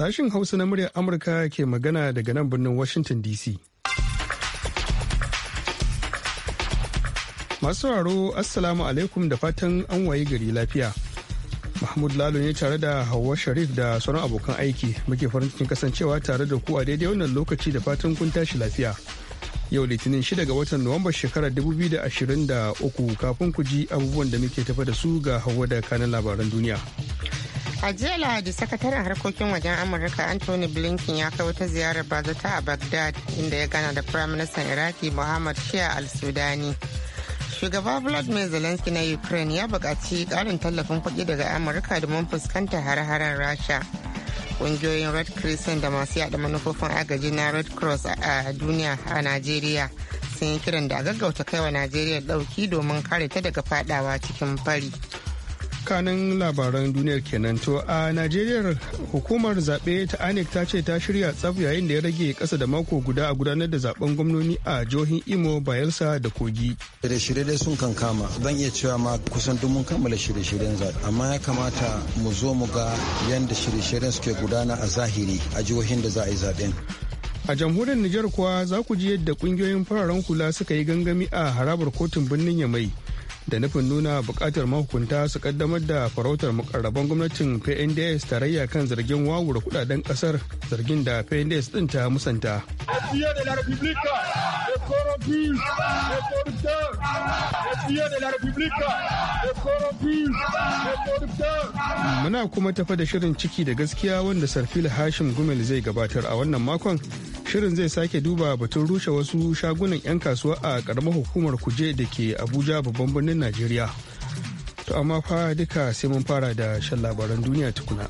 Sashin Hausa na muryar Amurka ke magana daga nan birnin Washington DC. Masu sauraro Assalamu alaikum da fatan an wayi gari lafiya. Mahmud Lalo ne tare da Hauwa Sharif da sauran abokan aiki muke farin cikin kasancewa tare da ku a daidai wannan lokaci da fatan kun tashi lafiya. Yau Litinin 6 ga watan nuwamba shekarar 2023 kafin ku ji abubuwan da muke tafa da su ga Hauwa da kanin labaran duniya. A jiya Lahadi sakataren harkokin wajen Amurka Anthony Blinken ya kai wata ziyarar bazata a Baghdad inda ya gana da Firaministan Iraki Muhammad Shia al-Sudani. Shugaba Vladimir Zelensky na Ukraine ya buƙaci ƙarin tallafin kuɗi daga Amurka domin fuskantar har haren Rasha. Ƙungiyoyin Red Crescent da masu yaɗa manufofin agaji na Red Cross a duniya a Najeriya sun yi kiran da a gaggauta kaiwa Najeriya ɗauki domin kare ta daga faɗawa cikin fari. kanin labaran duniyar kenan to a najeriya hukumar zaɓe ta anec ta ce ta shirya tsaf yayin da ya rage kasa da mako guda a gudanar da zaben gwamnoni a jihohin imo bayelsa da kogi shirye-shirye dai sun kan kama zan iya cewa ma kusan duk mun kammala shirye-shiryen zaɓe amma ya kamata mu zo mu ga yadda shirye-shiryen suke gudana a zahiri a jihohin da za a yi zaɓen a jamhuriyar Nijar kuwa za ku ji yadda kungiyoyin fararen hula suka yi gangami a harabar kotun birnin Yamai da nufin nuna bukatar mahukunta su kaddamar da farautar mukarraban gwamnatin pnds tarayya kan zargin wawura kudaden kasar zargin da pnds din ta musanta muna kuma tafa da shirin ciki da gaskiya wanda sarfil hashim gumel zai gabatar a wannan makon shirin zai sake duba batun rushe wasu shagunan 'yan kasuwa a karamar hukumar kuje da ke abuja babban birnin najeriya to amma fa duka sai mun fara da shan labaran duniya tukuna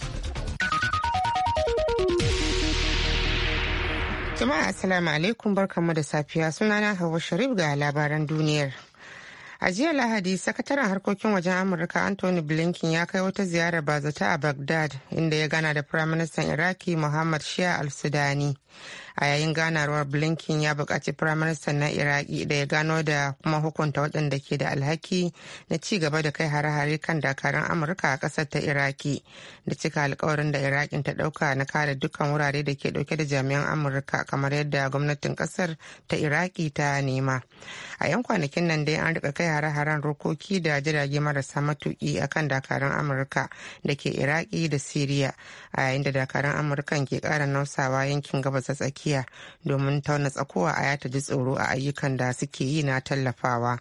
jama'a asalamu alaikum barkamu da safiya sunana hawa sharif ga labaran duniyar a jiya lahadi sakataren harkokin wajen amurka anthony blinken ya kai wata ziyarar bazata a bagdad inda ya gana da firaministan iraki muhammad shia al-sudani a yayin ganawar blinken ya buƙaci firaministan na iraki da ya gano da kuma hukunta waɗanda ke da alhaki na ci gaba da kai hare-hare kan dakarun amurka a ƙasar ta iraki da cika alkawarin da irakin ta ɗauka na kare dukkan wurare da ke ɗauke da jami'an amurka kamar yadda gwamnatin ƙasar ta iraki ta nema a yan kwanakin nan dai an riƙa kai hare-haren rokoki da jirage marasa matuƙi kan dakarun amurka da ke iraki da siriya a yayin da dakarun amurkan ke ƙara nausawa yankin gaba gabas ta tsakiya domin tauna tsakowa a ta ji tsoro a ayyukan da suke yi na tallafawa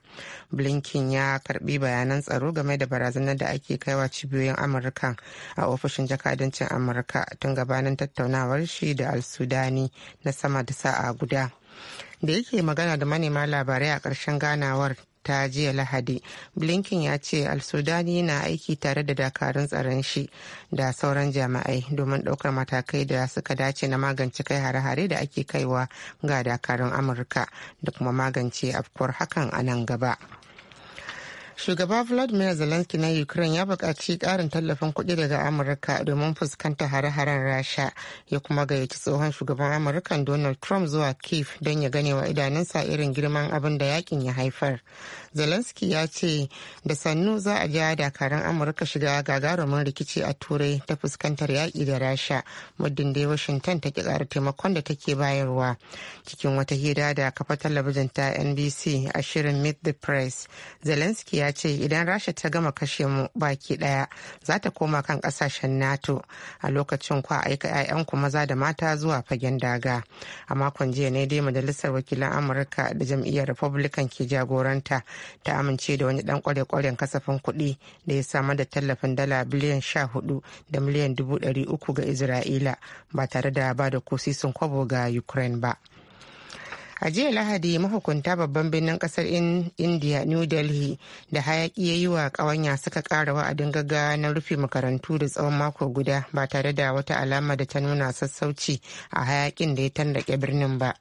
blinken ya karbi bayanan tsaro game da barazanar da ake kaiwa cibiyoyin amurka a ofishin jakadancin amurka tun gabanin tattaunawar shi da al-sudani na sama da sa'a guda da yake magana da manema labarai a ƙarshen ganawar ta jiya lahadi blinken ya ce al-sudani na aiki tare da dakarun tsaron shi da sauran jami'ai domin ɗaukar matakai da suka dace na magance kai hare-hare da ake kaiwa ga dakarun amurka da kuma magance afkuwar hakan a nan gaba. shugaba vladimir zelensky na ukraine ya buƙaci ƙarin tallafin kuɗi daga amurka domin fuskanta hare-haren rasha ya kuma gayyaci tsohon shugaban amurka donald trump zuwa kiev don ya gane wa idanunsa irin girman abin da yakin ya haifar zelensky ya ce da sannu za a ja dakarun amurka shiga gagarumin rikici a turai ta fuskantar yaƙi da rasha muddin dai washington ta ki ƙara taimakon da take bayarwa cikin wata hira da kafa talabijin ta nbc a shirin meet the press zelensky ya ya ce idan rasha ta gama kashe mu baki daya za ta koma kan kasashen nato a lokacin kwa aika 'yayan ku maza da mata zuwa fagen daga a makon jiya ne dai majalisar wakilan amurka da jam'iyyar republican ke jagoranta ta amince da wani dan kware-kwaren kasafin kuɗi da ya samar da tallafin dala biliyan sha hudu da miliyan dubu ɗari uku ga isra'ila ba tare da ba da kusisin kwabo ga ukraine ba. a jiya lahadi mahukunta babban birnin kasar india new delhi da hayaki ya yi wa kawanya suka kara wa'adin gaga na rufe makarantu da tsawon mako guda ba tare da wata alama da ta nuna sassauci a hayakin da ya tandake birnin ba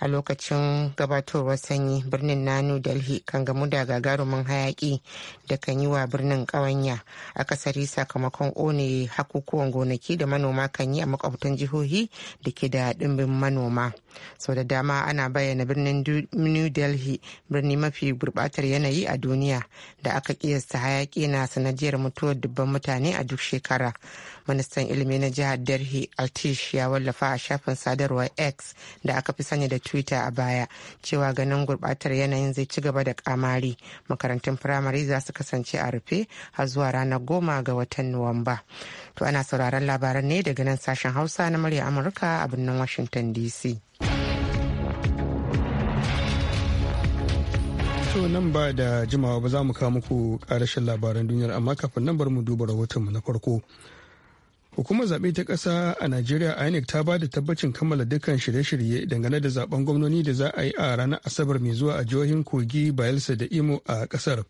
a lokacin gabatowar sanyi birnin na new delhi kan gamu da gagarumin hayaki da kan yi wa birnin kawanya kasari sakamakon ƙone hakukuwan gonaki da manoma kan yi a makwabtan jihohi da ke da dimbin manoma sau da dama ana bayyana birnin new delhi birni mafi gurbatar yanayi a duniya da aka kiyasta hayaki na sanadiyar mutuwar dubban mutane a duk shekara ministan ilimi na jihar delhi altish ya wallafa a shafin sadarwar x da aka fi sani da twitter a baya cewa ganin gurbatar yanayin zai ci gaba da kamari makarantun firamare za su kasance a rufe har zuwa ranar goma ga watan nuwamba to ana sauraron labaran ne daga nan sashen hausa na murya amurka a birnin washington dc To nan ba da jimawa ba za mu kawo muku karashin labaran duniyar amma kafin nan bar mu duba mu na farko. Hukumar zaɓe ta ƙasa a Najeriya INEC ta ba da tabbacin kammala dukkan shirye-shirye dangane da zaben gwamnoni da za a yi a ranar Asabar mai zuwa a jihohin Kogi, Bayelsa da Imo a ƙasar.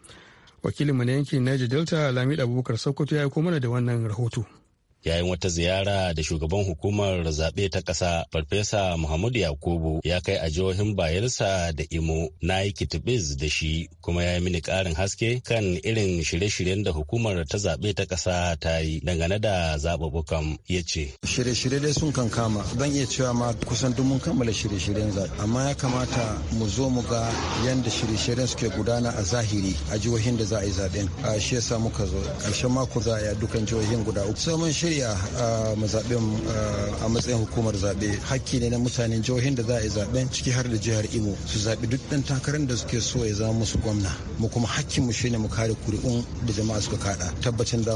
Wakilinmu na yankin Niger Delta Lamid Abubakar Sokoto ya yi mana da wannan rahoto. yayin wata ziyara da shugaban hukumar zaɓe ta ƙasa farfesa muhammadu yakubu ya kai a jihohin bayelsa da imo na yi kitibiz da shi kuma ya yi mini ƙarin haske kan irin shirye-shiryen da hukumar ta zaɓe ta ƙasa ta yi dangane da zaɓuɓɓukan ya ce shirye-shirye dai sun kan kama zan iya cewa ma kusan duk mun kammala shirye-shiryen zaɓe amma ya kamata mu zo mu ga yadda shirye-shiryen suke gudana a zahiri a jihohin da za a yi zaɓen shi yasa muka zo ƙarshen mako za a yi dukkan jihohin guda uku shirya ah, mu ah, a matsayin hukumar zaɓe hakki ne na mutanen jihohin da za a yi zaɓen ciki har da jihar imo su zaɓi duk ɗan takarar da suke so ya zama musu gwamna mu kuma hakkin mu shine mu kare kuri'un da jama'a suka kaɗa tabbacin da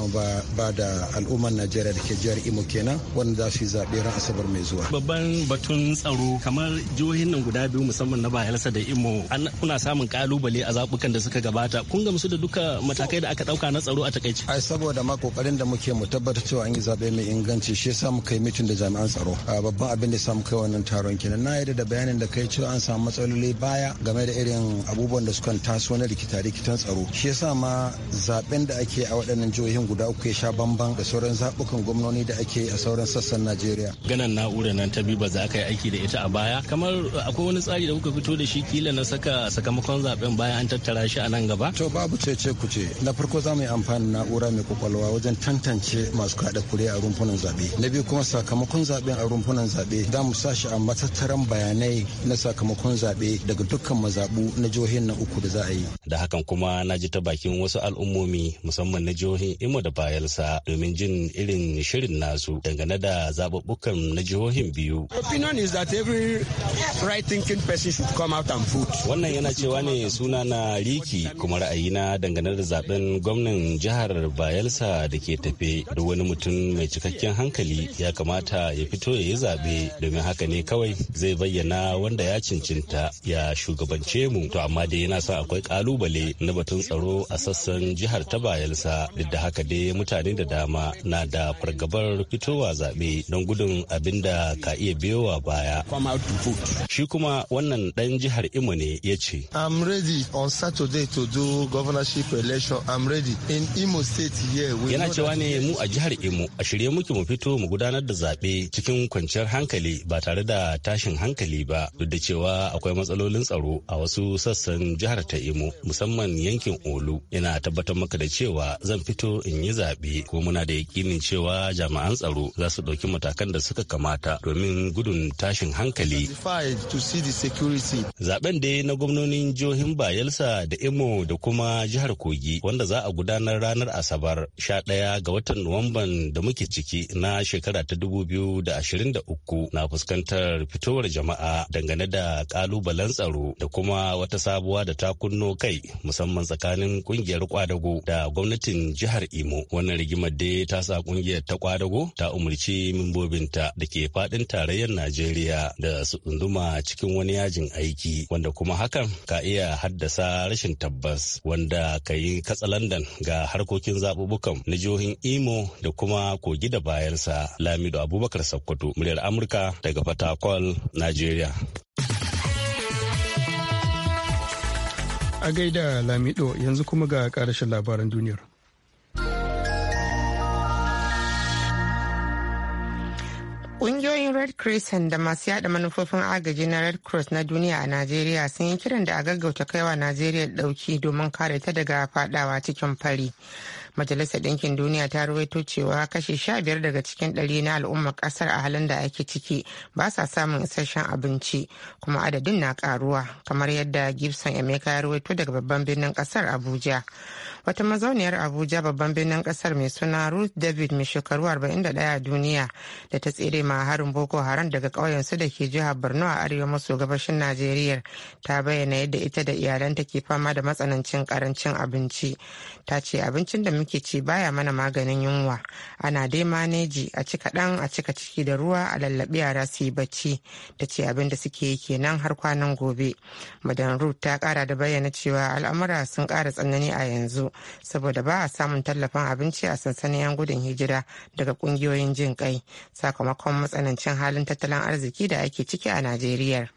ba da al'ummar najeriya da ke jihar imo kenan wanda za su yi zaɓe ran asabar mai zuwa babban batun tsaro kamar jihohin nan guda biyu musamman na bayelsa da imo kuna samun kalubale a zaɓukan da suka gabata kun gamsu da duka matakai da aka ɗauka na tsaro a takaici ai saboda ma kokarin da muke mu tabbatar cewa an yi zaɓe mai inganci shi samu kai mitin da jami'an tsaro babban abin da samu kai wannan taron kenan na yadda da bayanin da kai cewa an samu matsaloli baya game da irin abubuwan da sukan taso na rikita-rikitan tsaro shi yasa ma zaɓen da ake a waɗannan jihohin guda uku ya sha bamban da sauran zaɓukan gwamnoni da ake a sauran sassan najeriya ganan na'ura nan ta biyu ba za ka yi aiki da ita a baya kamar akwai wani tsari da kuka fito da shi kila na saka sakamakon zaɓen bayan an tattara shi a nan gaba to babu ce cece kuce na farko za mu yi amfani na'ura mai kwakwalwa wajen tantance masu kaɗa kuri'a a rumfunan zaɓe na biyu kuma sakamakon zaɓen a rumfunan zaɓe za mu sa shi a matattaran bayanai na sakamakon zaɓe daga dukkan mazaɓu na jihohin na uku da za a yi da hakan kuma na ji ta bakin wasu al'ummomi musamman na jihohin imo da bayelsa domin jin irin shirin nasu dangane da zaɓuɓɓukan na jihohin biyu opinion is that every right thinking person should come out and vote wannan yana cewa ne suna na riki kuma ra'ayina dangane da zaben gwamnan jihar bayelsa da ke tafe da wani mutum mai cikakken hankali ya kamata ya fito ya yi zaɓe domin haka ne kawai zai bayyana wanda ya cincinta ya shugabance mu to amma dai yana son akwai kalubale na batun tsaro a sassan jihar ta bayelsa duk da haka dai mutane da dama na da fargabar fitowa zaɓe don gudun abin da ka iya biyowa baya shi kuma wannan ɗan jihar imo ne ya ce i'm ready on saturday to do governorship election i'm ready in imo state here yana cewa ne mu a jihar imo a shirye muke mu fito mu gudanar da zaɓe cikin kwanciyar hankali ba tare da tashin hankali ba duk da cewa akwai matsalolin tsaro a wasu sassan jihar ta Imo musamman yankin Olu. Yana tabbatar maka da cewa zan fito in yi zaɓe ko muna da yaƙinin cewa jami'an tsaro za su ɗauki matakan da suka kamata domin gudun tashin hankali. Zaben dai na gwamnonin jihohin Bayelsa da Imo da kuma jihar Kogi wanda za a gudanar ranar Asabar sha ɗaya ga watan Nuwamban da da muke ciki na shekara ta uku na fuskantar fitowar jama'a dangane da kalubalen tsaro da kuma wata sabuwa da ta kunno kai musamman tsakanin kungiyar kwadago da gwamnatin jihar Imo. Wannan rigimar dai ta sa kungiyar ta kwadago ta umarci mimbobinta da ke fadin tarayyar Najeriya da su tsunduma cikin wani yajin aiki wanda kuma hakan ka iya haddasa rashin tabbas wanda ka yi katsalandan ga harkokin zaɓuɓɓukan na jihohin Imo da kuma kogi da bayansa lamido abubakar sakkwato muryar amurka daga fatakwal nigeria a gaida lamido yanzu kuma ga karashin labaran duniyar Ƙungiyoyin Red Crescent da masu yada manufofin agaji na Red Cross na duniya a Najeriya sun yi kiran da a gaggauta kaiwa Najeriya dauki domin kare ta daga fadawa cikin fari. majalisar ɗinkin duniya ta ruwaito cewa kashi sha biyar daga cikin ɗari na al'ummar ƙasar a halin da ake ciki ba sa samun isasshen abinci kuma adadin na karuwa kamar yadda gibson emeka ya ruwaito daga babban birnin ƙasar abuja wata mazauniyar abuja babban birnin kasar mai suna ruth david mai shekaru 41 a duniya da ta tsere ma harin boko haram daga su da ke jihar borno a arewa maso gabashin najeriya ta bayyana yadda ita da iyalanta ke fama da matsanancin karancin abinci ta ce abincin da muke ci baya mana maganin yunwa ana dai maneji a cika ɗan a cika ciki da ruwa a lallaɓi yara su yi bacci ta ce abin da suke yi kenan har kwanan gobe madan ruth ta kara da bayyana cewa al'amura sun ƙara tsanani a yanzu saboda ba a samun tallafin abinci a sansanin 'yan gudun hijira daga kungiyoyin jin kai sakamakon matsanancin halin tattalin arziki da ake ciki a najeriya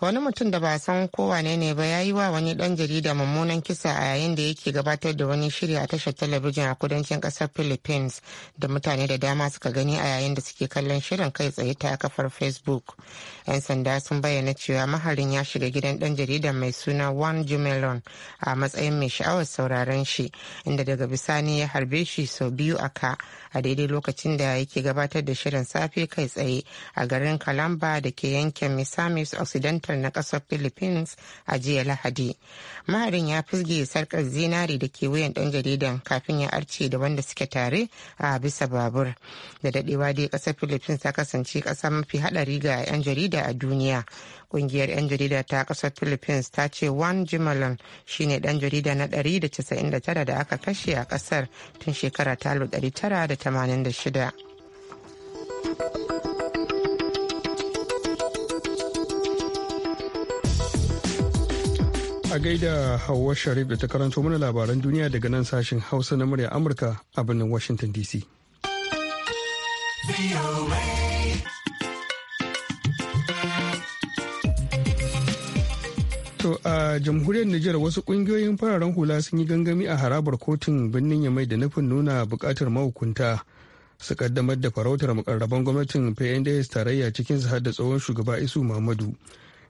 wani mutum da ba san wane ne ba ya yi wa wani dan jarida mummunan kisa a yayin da yake gabatar da wani shiri a tashar talabijin a kudancin kasar philippines da mutane da dama suka gani a yayin da suke kallon shirin kai tsaye ta kafar facebook yan sanda sun bayyana cewa maharin ya shiga gidan dan jaridan mai suna wan jumelon a matsayin mai sha'awar sauraron shi inda daga bisani ya harbe shi sau biyu a ka a daidai lokacin da yake gabatar da shirin safe kai tsaye a garin kalamba da ke yankin misamis occidental Central na ƙasar Philippines a jiya Lahadi. Maharin ya fizge sarkar zinari da ke wuyan ɗan jaridan kafin ya arce da wanda suke tare a bisa babur. Da daɗewa dai ƙasar Philippines ta kasance ƙasa mafi haɗari ga 'yan jarida a duniya. Ƙungiyar 'yan jarida ta ƙasar Philippines ta ce Juan Jimalan shine ɗan jarida na ɗari da da da aka kashe a ƙasar tun shekara ta shida. a gaida Hauwa Sharif da ta karanto mana labaran duniya daga nan sashen Hausa na murya Amurka a birnin Washington DC. To a jamhuriyar Nijar wasu kungiyoyin fararen hula sun yi gangami a harabar kotun birnin Yamai da nufin nuna bukatar mahukunta su kaddamar da farautar mukarraban gwamnatin PNDS tarayya cikin su da tsohon shugaba Isu Muhammadu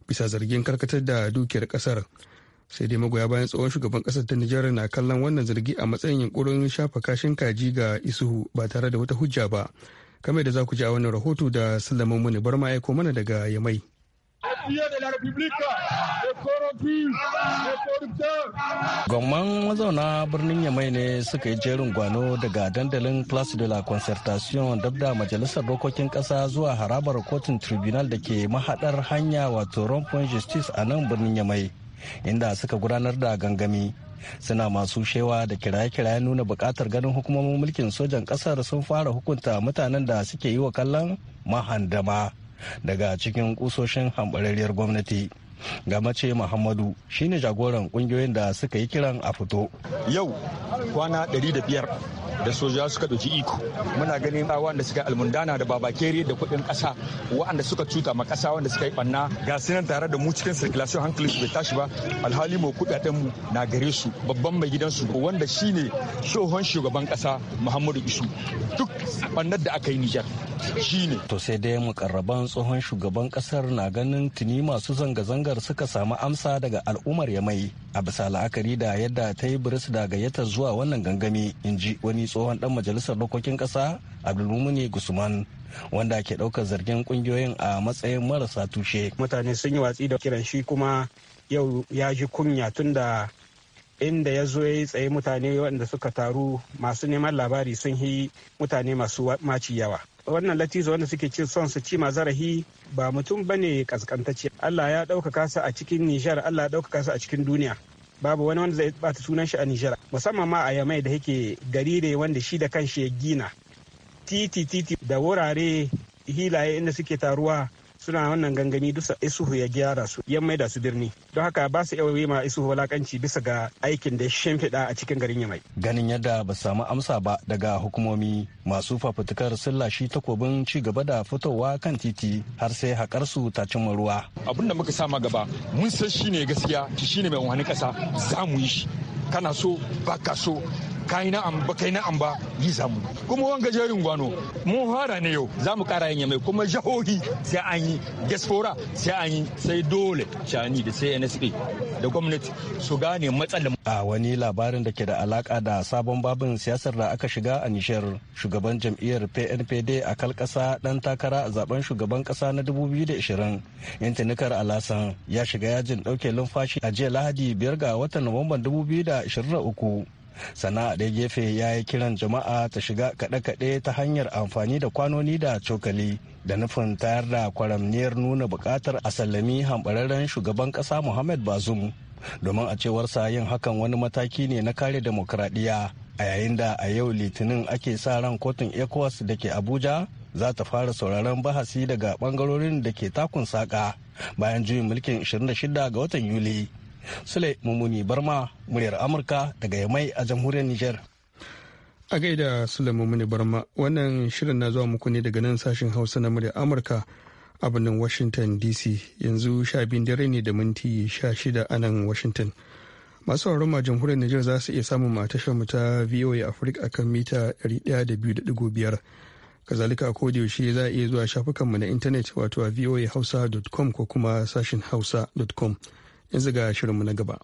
bisa zargin karkatar da dukiyar kasar. sai dai magoya bayan tsohon shugaban kasar ta nijar na kallon wannan zargi a matsayin yunkurin shafa kashin kaji ga isuhu ba tare da wata hujja ba kamar da za ku ji a wannan rahoto da sallama muni bar ma aiko mana daga yamai Gwamman mazauna birnin Yamai ne suka yi jerin gwano daga dandalin Place de la Concertation dabda Majalisar Dokokin kasa zuwa harabar kotun tribunal da ke mahadar hanya wato Rompon Justice a nan birnin Yamai. inda suka gudanar da gangami suna masu shewa da kiraye-kiraye nuna bukatar ganin hukumomin mulkin sojan kasar sun fara hukunta mutanen da suke yi wa kallon mahandama daga cikin kusoshin hambarariyar gwamnati ga mace Muhammadu shine jagoran kungiyoyin da suka yi kiran a fito. Yau kwana 105 da soja suka ɗauki iko. Muna ganin wanda suka yi almundana da baba keri da kuɗin ƙasa waɗanda suka cuta ma ƙasa wanda suka yi ɓanna ga sinan tare da mu cikin circulation hankali su bai tashi ba alhali mu kuɗaɗen mu na gare su babban mai gidansu wanda shine shohon shugaban ƙasa Muhammadu Isu duk ɓannar da aka yi Nijar ne. to sai dai mukarraban tsohon shugaban kasar na ganin tuni masu zanga-zangar suka samu amsa daga al'ummar mai a bisa la'akari da yadda ta yi biris da gayyatar zuwa wannan gangami in ji wani tsohon dan majalisar dokokin kasa abdulmumuni gusman wanda ke ɗaukar zargin kungiyoyin a matsayin marasa tushe mutane sun yi watsi da kiran shi kuma yau ya ji kunya tunda inda ya zo ya yi tsaye mutane waɗanda suka taru masu neman labari sun yi mutane masu maci yawa wannan latizo wanda suke cin son su ci ma zarahi ba mutum ba ne kaskantacce Allah ya ɗaukaka su a cikin Nijar Allah ya ɗaukaka su a cikin duniya babu wani wanda zai bata sunan shi a Nijar musamman ma a Yamai da yake gari ne wanda shi da kanshi ya gina titi titi da wurare hilaye inda suke taruwa suna wannan gangani dusa isuhu ya gyara su ya maida su birni don haka ba su yawa ma isuhu walakanci bisa ga aikin da ya shimfiɗa a cikin garin yamai ganin yadda ba samu amsa ba daga hukumomi masu fafutukar sillashi takobin ci gaba da fitowa kan titi har sai haƙar su ta cimma ruwa abinda muka sama gaba mun san shine gaskiya shine mai wani ƙasa za mu yi shi kana so ba so kai na amba kai na amba yi zamu kuma wanga jerin gwano mun fara ne yau zamu kara yin mai kuma jahohi sai an yi gaspora sai an yi sai dole shani da sai NSP da gwamnati su gane matsalar a wani labarin da ke da alaka da sabon babin siyasar da aka shiga a nishar shugaban jam'iyyar PNPD a kalkasa dan takara a zaben shugaban kasa na 2020 yantinikar alasan ya shiga yajin dauke lumfashi a jiya lahadi biyar ga watan nuwamban 2023 sana'a ɗaya gefe ya yi kiran jama'a ta shiga kaɗe-kaɗe ta hanyar amfani da kwanoni da cokali da nufin tayar da kwaramniyar nuna buƙatar a sallami hambararren shugaban ƙasa muhammad bazum domin a cewar sa yin hakan wani mataki ne na kare demokuraɗiyya a yayin da a yau litinin ake sa ran kotun ecowas da ke abuja za ta fara sauraron bahasi daga bangarorin da ke takun saƙa bayan juyin mulkin 26 ga watan yuli Sule mummuni Barma muryar Amurka daga Yamai a jamhuriyar Nijar. A gaida Sule mummuni Barma wannan shirin na zuwa muku ne daga nan sashen Hausa na muryar Amurka a birnin Washington DC yanzu sha biyun dare ne da minti sha shida a nan Washington. Masu sauraron ma jamhuriyar Nijar za su iya samun ma tashar mu ta VOA Africa akan mita da 102.5. kazalika a yaushe za a iya zuwa shafukanmu na intanet wato a voahausa.com ko kuma sashin hausa.com yanzu ga shirinmu na gaba.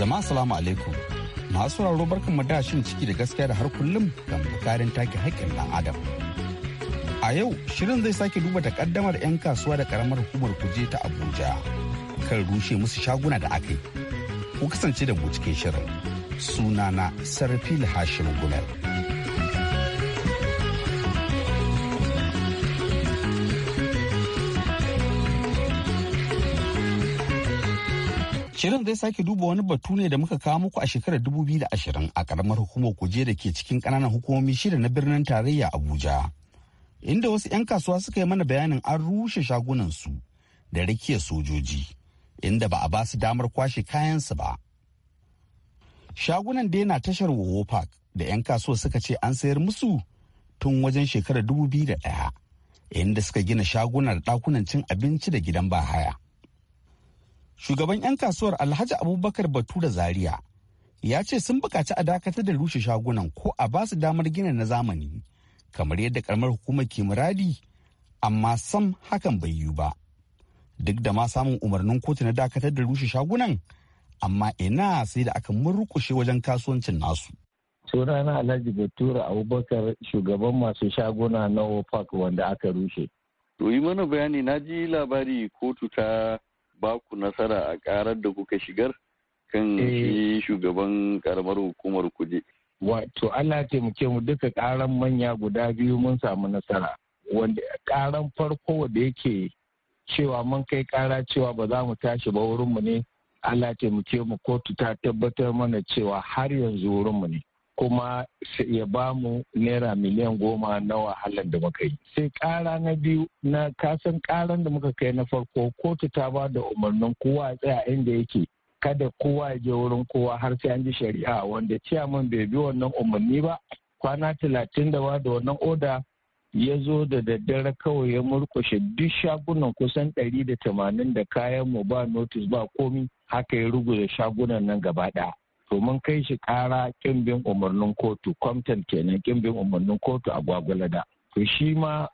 Jama'a salamu alaikum. Masu sauraro barkan da shin ciki da gaskiya da har kullum da bukarin take haƙƙin ɗan adam. A yau shirin zai sake duba kaddamar 'yan kasuwa da karamar hukumar kuje ta Abuja kan rushe musu shaguna da aka yi. Ku kasance da mu cikin shirin. sunana sarfil hashim Gulal. Shirin zai sake duba wani batu ne da muka kawo muku a shekarar 2020 a karamar hukumar kuje da ke cikin ƙananan hukumomi shida na birnin tarayya Abuja. Inda wasu 'yan kasuwa suka yi mana bayanin an rushe shagunansu da rikiyar sojoji, inda ba a ba su damar kwashe kayansu ba. shagunan da yana tashar wowo park da 'yan kasuwa suka ce an sayar musu tun wajen shekarar ɗaya inda suka gina shagunan ɗakunan cin abinci da gidan bahaya shugaban 'yan kasuwar alhaji abubakar Batu da zaria ya ce sun bukaci a dakatar da rushe shagunan ko a ba su damar gina na zamani kamar yadda karamar hukumar ke muradi amma sam hakan bai yiwu ba duk da ma samun umarnin kotu na dakatar da rushe shagunan amma ina sai da aka murkushe wajen kasuwancin nasu. sunana alhaji Bature abubakar shugaban masu shaguna na ofac wanda aka rushe. to yi mana bayani na ji labari kotu ta baku nasara a karar da kuka shigar kan eh. shugaban karamar hukumar kuje. wato allah taimake mu duka karan manya guda biyu mun samu nasara wanda karan farko da yake cewa mun kai kara cewa ba za mu tashi ba wurinmu ne Allah taimake mu kotu ta tabbatar mana cewa har yanzu wurinmu ne kuma ya ba mu naira miliyan goma na wahalar da muka yi sai kara na biyu na kasan karan da muka kai na farko kotu ta ba da umarnin kowa tsaya inda yake kada kowa ya je wurin kowa har sai an ji shari'a wanda ciyaman bai bi wannan umarni ba kwana talatin da ba da wannan oda ya zo da daddare kawai ya murkushe duk shagunan kusan 180 da kayan mu ba notice ba komi haka ya ruguza shagunan nan gaba ɗaya. to kai shi kara kimbin umarnin kotu kwamtan kenan kimbin umarnin kotu a gwagwalada to shi ma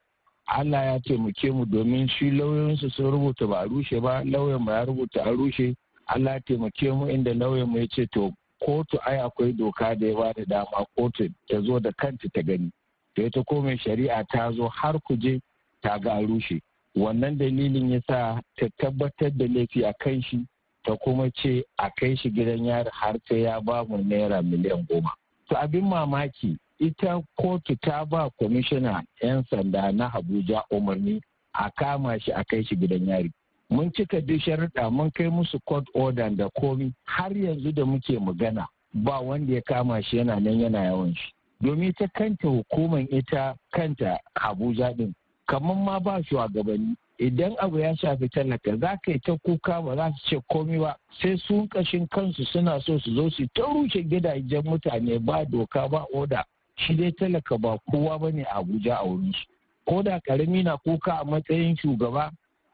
Allah ya taimake mu domin shi lauyoyinsu sun rubuta ba a rushe ba lauyan mu ya rubuta a rushe Allah ya taimake mu inda lauyan mu ya ce to kotu ai akwai doka da ya ba da dama kotu ta zo da kanta ta gani to ita ko mai shari'a ta zo har kuje ta ga rushe wannan dalilin ya sa ta tabbatar da laifi a kan shi ta kuma ce a kai shi gidan yari har sai ya ba mu naira miliyan goma to abin mamaki ita kotu ta ba kwamishina 'yan sanda na abuja umarni a kama shi a kai shi gidan yari mun cika duk sharuɗa mun kai musu court order da komi har yanzu da muke magana ba wanda ya kama shi yana nan yana yawan shi domin ta kanta hukumar ita kanta abuja din kamar ma ba shugabanni idan abu ya shafi talaka za ka yi ta kuka ba za su ce komi ba sai sun kashin kansu suna so su zo su ta rushe gidajen mutane ba doka ba oda shi dai talaka ba kowa ba ne abuja a wurin su ko da karami na kuka a matsayin shugaba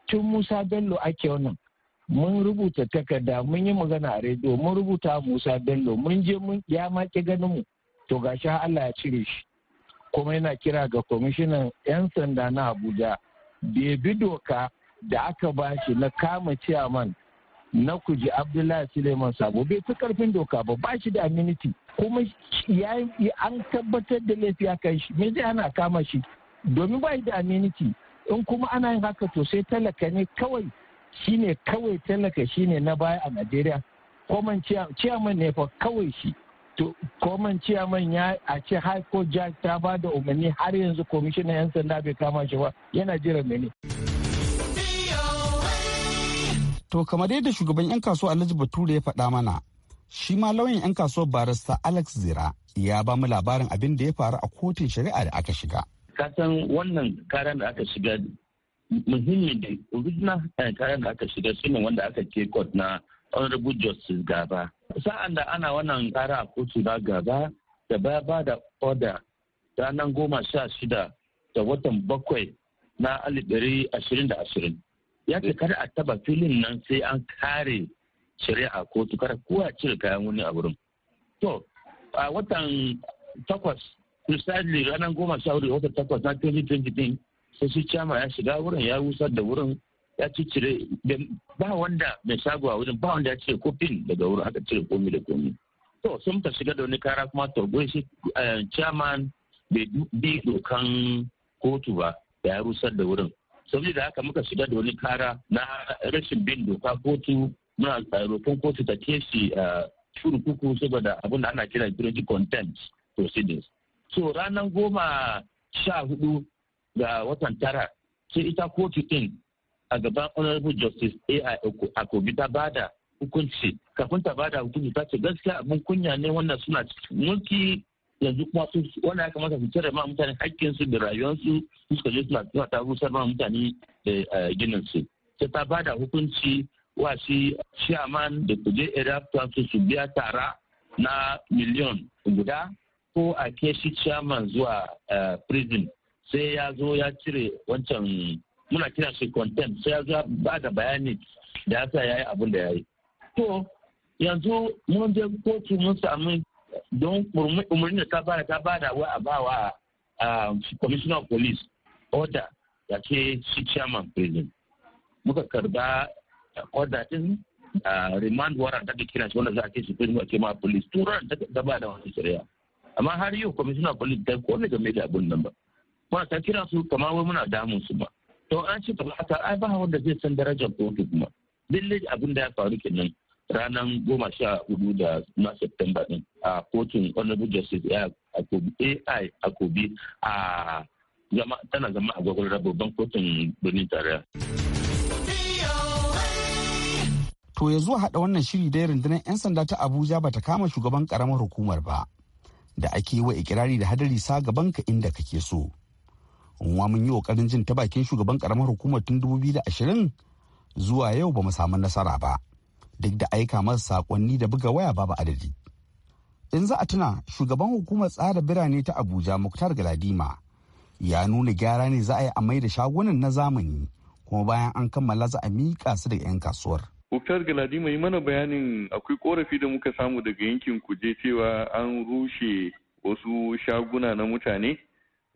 tun musa bello ake wannan mun rubuta takarda mun yi magana a rediyo mun rubuta musa bello mun je mun ya maki ganin mu to gashi Allah ya cire shi kuma yana kira ga kwamishinan 'yan sanda na abuja da bi doka da aka ba shi na kama ciyaman na kuji abdullahi suleiman sabo bai fi karfin doka ba ba shi da aminiti kuma an tabbatar da laifi a kan shi me zai ana kama shi domin ba shi da aminiti in kuma ana yin haka to sai talaka ne kawai shine kawai talaka shine na baya a najeriya kwaman ciyaman ne fa kawai shi to koman man ya a ce high court judge ta ba da umarni har yanzu komishin 'yan sanda bai kama shi ba yana jiran mene. To kamar yadda shugaban 'yan kasuwa Alhaji Bature ya faɗa mana, shi ma lauyan 'yan kasuwar barista Alex Zira ya ba mu labarin abin da ya faru a kotun shari'a da aka shiga. Kasan wannan karan da aka shiga muhimmi da original eh, karan da aka shiga sunan wanda aka ke court na Honorable Justice Gaba. sa'an da ana wannan kara a kotu na gaba da baya ba da oda ranar goma sha shida da watan bakwai na alibiri ashirin da ashirin ya ce kada a taba filin nan sai an kare shari'a kotu kada kowa cire kayan wani a wurin to a watan takwas misali ranar goma sha hudu watan takwas na 2020 sai shi chama ya shiga wurin ya wusar da wurin ya cire ba wanda mai shago a wajen ba wanda ya cire kofin daga wurin aka cire komi da komi to sun ka shiga da wani kara kuma torgo shi eh, chairman bai bi dokan kotu ba da ya rusar da wurin saboda haka muka shiga da wani kara na rashin bin doka kotu muna eh, roƙon kotu ta a kurkuku eh, saboda abin da ana kira turanci contempt proceedings so ranar goma sha hudu ga watan tara sai ita kotu din a gaban honorable justice ai akobi ta bada hukunci kafin ta bada hukunci ta ce gaskiya abin kunya ne wannan suna mulki yanzu kuma su wanda ya kamata su cire ma mutane hakkinsu da rayuwarsu suka je suna suna ta rusar ma mutane eh, ginin su sai ta bada hukunci wa shi chairman da kuje area council su biya tara na miliyon guda ko a ke shi chairman zuwa eh, prison sai ya zo ya cire wancan muna kira shi content sai ya ba da bayani da ya sa ya yi abin da ya yi to yanzu mun je kotu mun sami don umarni da ta bada ta bada wa a bawa commissioner of police order ya ce shi chairman prison muka karba order din remand warrant da kira shi wanda za a ce shi prison a ce ma police turan ta da wani shari'a amma har yau commissioner of police ta kone game da abin nan ba muna ta kira su kamar wai muna damun su ba to an ci gaba ai ba wanda zai san darajar kotu kuma lallai abin da ya faru kenan ranar goma sha hudu da na september din a kotun honorable justice ai kobi a tana zama a gwagwar babban kotun birnin tarayya to ya zuwa haɗa wannan shiri da rundunar 'yan sanda ta abuja ba ta kama shugaban karamar hukumar ba da ake wa ikirari da hadari sa gabanka inda kake so unwa mun yi kokarin jin ta bakin shugaban karamar hukumar tun 2020 zuwa yau ba mu samu nasara ba duk da aika masa sakonni da buga waya babu adadi in za a tuna shugaban hukumar tsara birane ta abuja muktar galadima ya nuna gyara ne za a yi amai da shagunan na zamani kuma bayan an kammala za a miƙa su da 'yan kasuwar Muktar Galadima yi mana bayanin akwai korafi da muka samu daga yankin kuje cewa an rushe wasu shaguna na mutane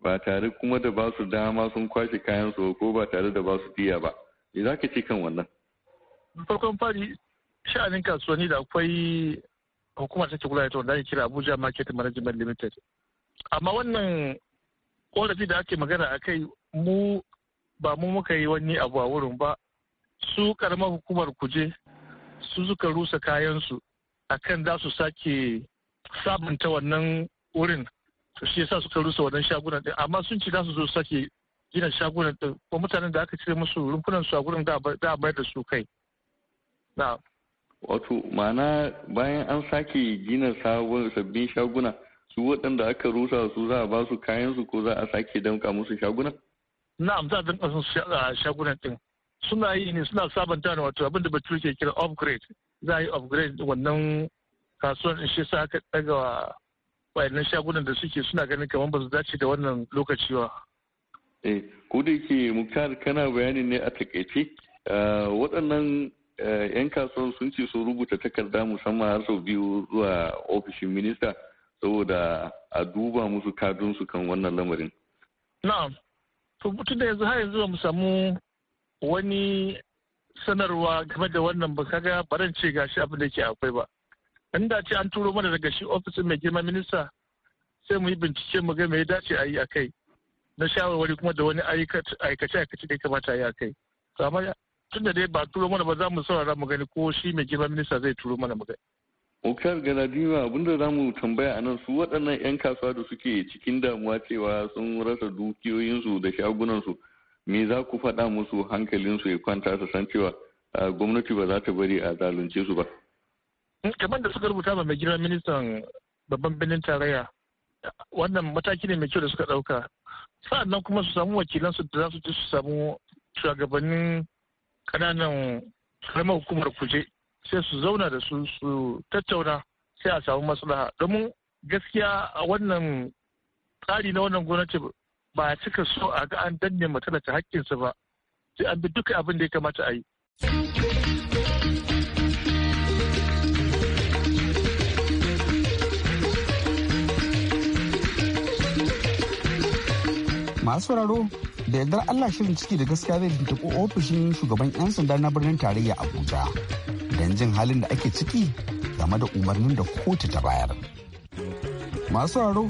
ba tare kuma da ba su dama sun kwashe kayan su ko ba tare da ba su diya ba me za ka ce kan wannan farkon fari sha'anin kasuwanni da akwai hukumar take kula da wanda ake kira Abuja Market Management Limited amma wannan korafi da ake magana a kai mu ba mu muka yi wani abu a wurin ba su karamar hukumar kuje su suka rusa kayan su akan za su sake sabunta wannan wurin to shi yasa suka rusa wannan shagunan din amma sun ci za su zo sake gina shagunan din ko mutanen da aka cire musu rumfunan su a gurin da a bayar da su kai na wato ma'ana bayan an sake gina sabon sabbin shaguna su waɗanda aka rusa su za a ba su kayan su ko za a sake danka musu shaguna na'am za a damka musu shagunan din suna yi ne suna sabanta ne wato abin da bature ke kira upgrade za a yi upgrade wannan in shi sa aka ɗaga wayannan shagunan da suke suna ganin kamar ba su dace da wannan lokaci ba. Eh, ko da yake Muktar kana bayani ne a takaice eh, waɗannan 'yan eh, kasuwan sun ce sun rubuta takarda musamman har sau biyu zuwa ofishin minista saboda a duba musu kadunsu kan wannan lamarin. Na'am. To mutum da yanzu har yanzu ba mu samu wani sanarwa game da wannan ba kaga barance gashi abin da ke akwai ba. inda ce an turo mana daga shi ofisin mai girma minista sai mu yi bincike mu ga me ya dace a yi a kai na shawarwari kuma da wani aikace aikace da ya kamata a yi a kai to amma tun da dai ba turo mana ba za mu saurara mu gani ko shi mai girma minista zai turo mana mu gani. Okar Galadima abinda za mu tambaya a nan su waɗannan 'yan kasuwa da suke cikin damuwa cewa sun rasa dukiyoyinsu da shagunansu me za ku faɗa musu hankalinsu ya kwanta su san cewa gwamnati ba za ta bari a zalunce su ba. Mm, kamar da suka rubuta ma mai girma ministan babban birnin tarayya wannan mataki ne mai kyau da suka ɗauka sa'annan kuma su samu wakilansu da za su ji su samu shugabannin kananan karamar hukumar kuje sai su zauna da su su tattauna sai a samu maslaha domin gaskiya a wannan tsari na wannan gwamnati ba a cika so a ga an danne ta haƙƙinsa ba sai an bi duka abin da ya kamata a yi. masu sauraro da yardar allah shirin ciki da gaskiya zai bintako ofishin shugaban 'yan sanda na birnin tarayya abuja don jin halin da ake ciki game da umarnin da kotu ta bayar masu sauraro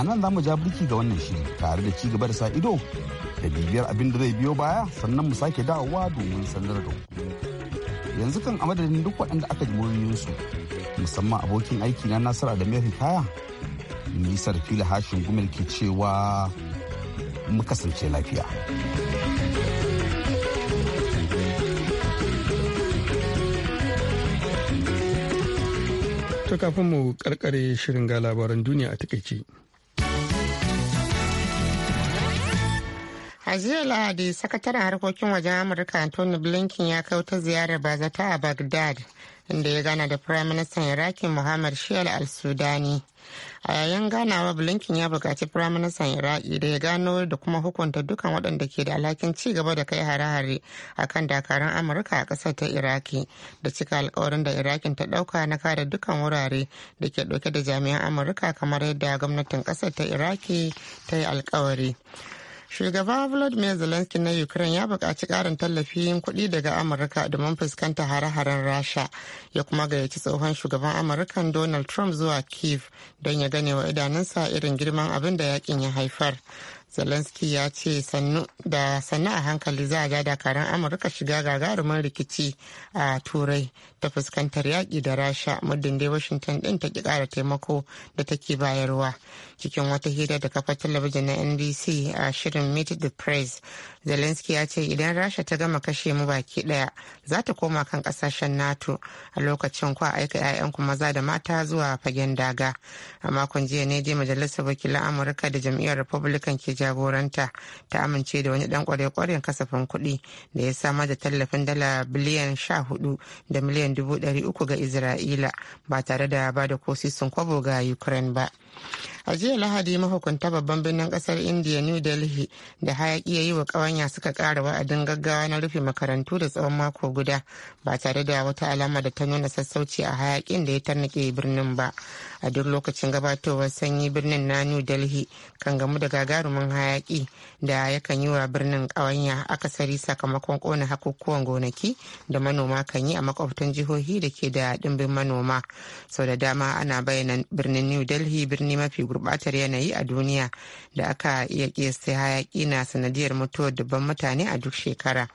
a nan za mu ja birki ga wannan shiri tare da ci gaba da sa ido da bibiyar abin da zai biyo baya sannan mu sake dawowa domin sanar da ku. yanzu kan a madadin duk waɗanda aka ji su musamman abokin aiki na nasara da mai kaya nisar fila hashin gumel ke cewa mu kasance lafiya. To kafin mu karkare shirin ga labaran duniya a takaice. A jiya Lahadi, sakataren harkokin wajen Amurka Anthony Blinken ya kai wata ziyarar bazata a Baghdad, inda ya gana da prime minister Iraki Muhammad Shial al-Sudani. A yayin ganawa Blinken ya buƙaci prime minister Iraki da ya gano da kuma hukunta dukan waɗanda ke da alhakin ci gaba da kai hare-hare a kan dakarun Amurka a ƙasar ta Iraki da cika alkawarin da Irakin ta ɗauka na kare dukan wurare da ke ɗauke da jami'an Amurka kamar yadda gwamnatin ƙasar ta Iraki ta yi alkawari. shugaba volodymyr zelensky na ukraine ya bukaci ƙarin tallafin kuɗi daga amurka domin fuskanta hare-haren rasha ya kuma gayyaci tsohon shugaban amurkan donald trump zuwa kiev don ya gane wa idanunsa irin girman abin da yakin ya haifar zelensky ya ce da sannu a hankali za a ga dakaran amurka shiga gagarumin rikici a turai ta fuskantar yaƙi da rasha muddin dai washington ɗin ta ƙi ƙara taimako da take bayarwa cikin wata hira da kafa talabijin na nbc a shirin meet the press zelensky ya ce idan rasha ta gama kashe mu baki ɗaya za ta koma kan ƙasashen nato a lokacin kwa aika yayan ku maza da mata zuwa fagen daga a makon jiya ne dai majalisar wakilan amurka da jam'iyyar republican ke jagoranta ta amince da wani dan kware-kwaren kasafin kuɗi da ya samar da tallafin dala biliyan sha hudu da miliyan dubu ɗari uku ga isra'ila ba tare da ba da kosisin kwabo ga ukraine ba a jiya lahadi mahukunta babban birnin kasar india new delhi da hayaki ya yi wa kawanya suka kara wa'adin gaggawa na rufe makarantu da tsawon mako guda ba tare da wata alama da ta nuna sassauci a hayakin da ya tarnake birnin ba a duk lokacin gabatowar sanyi birnin na new delhi kan gamu da gagarumin hayaki da yakan yi wa birnin kawanya akasari sakamakon kona hakukuwan gonaki da manoma kan yi a makwabtan jihohi da ke da dimbin manoma sau da dama ana bayyana birnin new delhi birni mafi gurbatar yanayi a duniya da aka iya kesa hayaki na sanadiyar mutuwar dubban mutane a duk shekara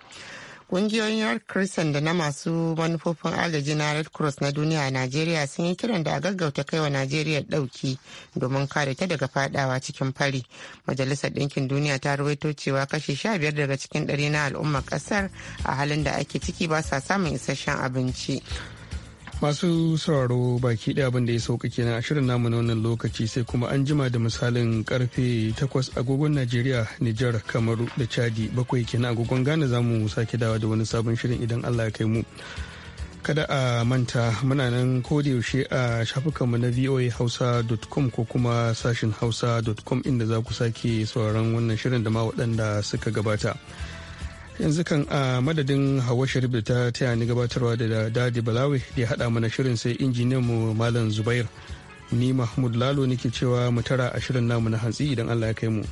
ƙungiyoyin 'yar crescent da na masu manufofin agaji na red cross na duniya a najeriya sun yi kiran da a gaggauta kaiwa najeriya ɗauki domin kare ta daga fadawa cikin fari majalisar ɗinkin duniya ta rawaito cewa kashi sha biyar daga cikin ɗari na al'ummar ƙasar a halin da ake ciki ba sa samun isasshen abinci masu sauraro baki ɗaya abin da ya sauka kenan a shirin namu na wannan lokaci sai kuma an jima da misalin karfe 8 agogon najeriya nijar kamaru da chadi bakwai kenan agogon ghana za mu sake dawa da wani sabon shirin idan allah ya kai mu kada a manta muna nan yaushe a shafukanmu na voahausa.com ko kuma sashin hausa.com inda za ku sake sauraron wannan shirin da ma waɗanda suka gabata. yanzu kan a madadin hawa sharif da ta taya ni gabatarwa da dadi balawe da ya haɗa mana shirin sai injiniyan mu malam zubair ni mahmud lalo nake cewa mu tara a shirin namu na hantsi idan allah ya kai mu.